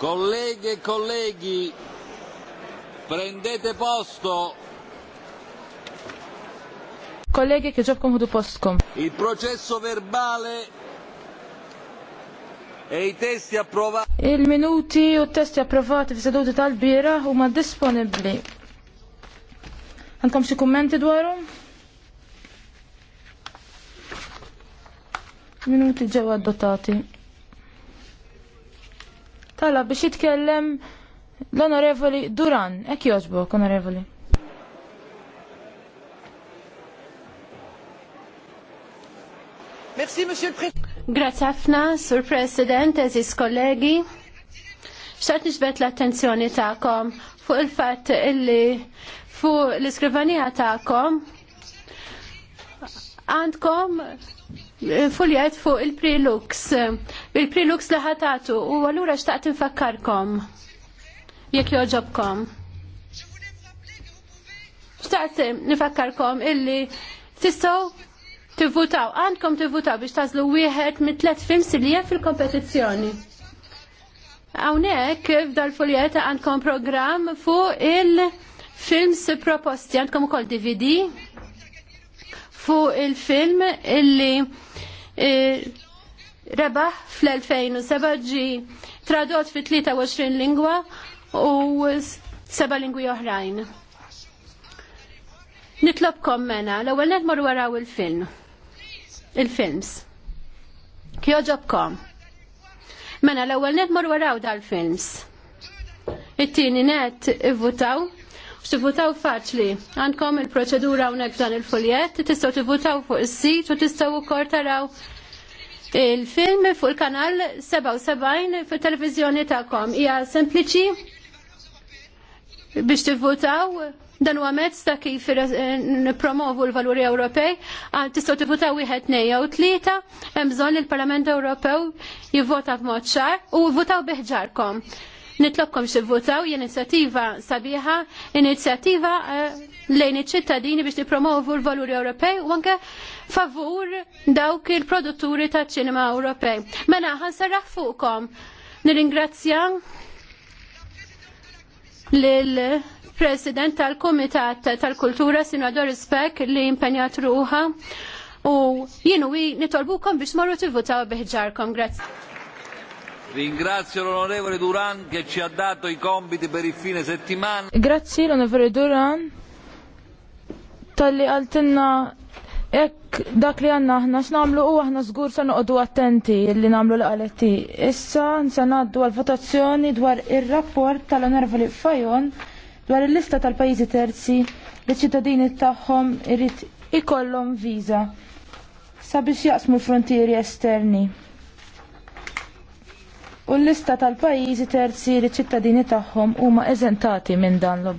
Colleghe e colleghi, prendete posto. Colleghi che giocano di postcom. Il processo verbale e i testi approvati. Il minuti o testi approvati di seduti tal-bira huma disponibili. Ancom si commenti dwarhom? Minuti già adottati tala biex jitkellem l-onorevoli Duran. Ek joġbok, onorevoli. Merci, Monsieur le Président. Grazie ħafna, Sur President, eżis kollegi. Xtaqt nixbet l-attenzjoni ta'kom fuq il-fat illi fuq l-iskrivanija ta'kom għandkom Fuljajt fuq il-prelux. Il-prelux li ħatatu u għallura xtaqt infakkarkom. Jek joġobkom. Xtaqt nfakkarkom illi tistaw tivvutaw, għandkom tivvutaw biex tazlu wieħed mit tlet films li fil-kompetizzjoni. Hawnhekk f'dal fuljajt għandkom programm fuq il-films proposti, għandkom ukoll DVD fuq il-film illi e, rebaħ fl-2007 ġi tradot fi 23 lingwa u seba lingwi oħrajn. Nitlobkom mena, l-ewwel net mor waraw il-film. Il-films. Kjoġobkom. Mena l-ewwel net mor waraw dal-films. It-tieni net ivvutaw x'tivvutaw faċli. Għandkom il-proċedura hawnhekk dan il-foljett, tistgħu tivvutaw fuq is-sit u tistgħu wkoll taraw il-film fuq il-kanal 77 fit televiżjoni tagħkom. Hija sempliċi biex tivvutaw dan huwa mezz ta' kif nippromovu l-valuri Ewropej, ah, tistgħu tivvutaw wieħed nejja u tlieta, hemm bżonn il-Parlament Ewropew jivvota b'mod ċar u votaw biħġarkom. Nitlobkom xivvutaw jien inizjattiva sabiħa, inizjattiva eh, lejn iċ-ċittadini biex nipromovu l-valuri Ewropej u anke favur dawk il-produtturi ta' ċinema Ewropej. Mela sarraħ fuqkom. Nirringrazzja lil president tal-Komitat tal-Kultura Sinador Doris li impenjat ruħa u jienu nitolbukom biex marru tivvutaw biħġarkom. Grazie. Ringrazio l'onorevole Duran che ci ha dato i compiti per il fine settimana. Grazie l'onorevole Duran Talli li għaltinna ek dak li għanna ħna x'namlu u aħna żgur sa noqogħdu attenti li namlu l qaletti. Issa nsa ngħaddu għall votazzjoni dwar ir-rapport tal-onorevoli Fajon dwar il-lista tal-pajjiżi terzi li ċittadini tagħhom irid ikollhom viża sabiex jaqsmu l-frontieri esterni u l-lista tal-pajjiżi terzi li ċittadini tagħhom huma eżentati minn dan l-obbligo.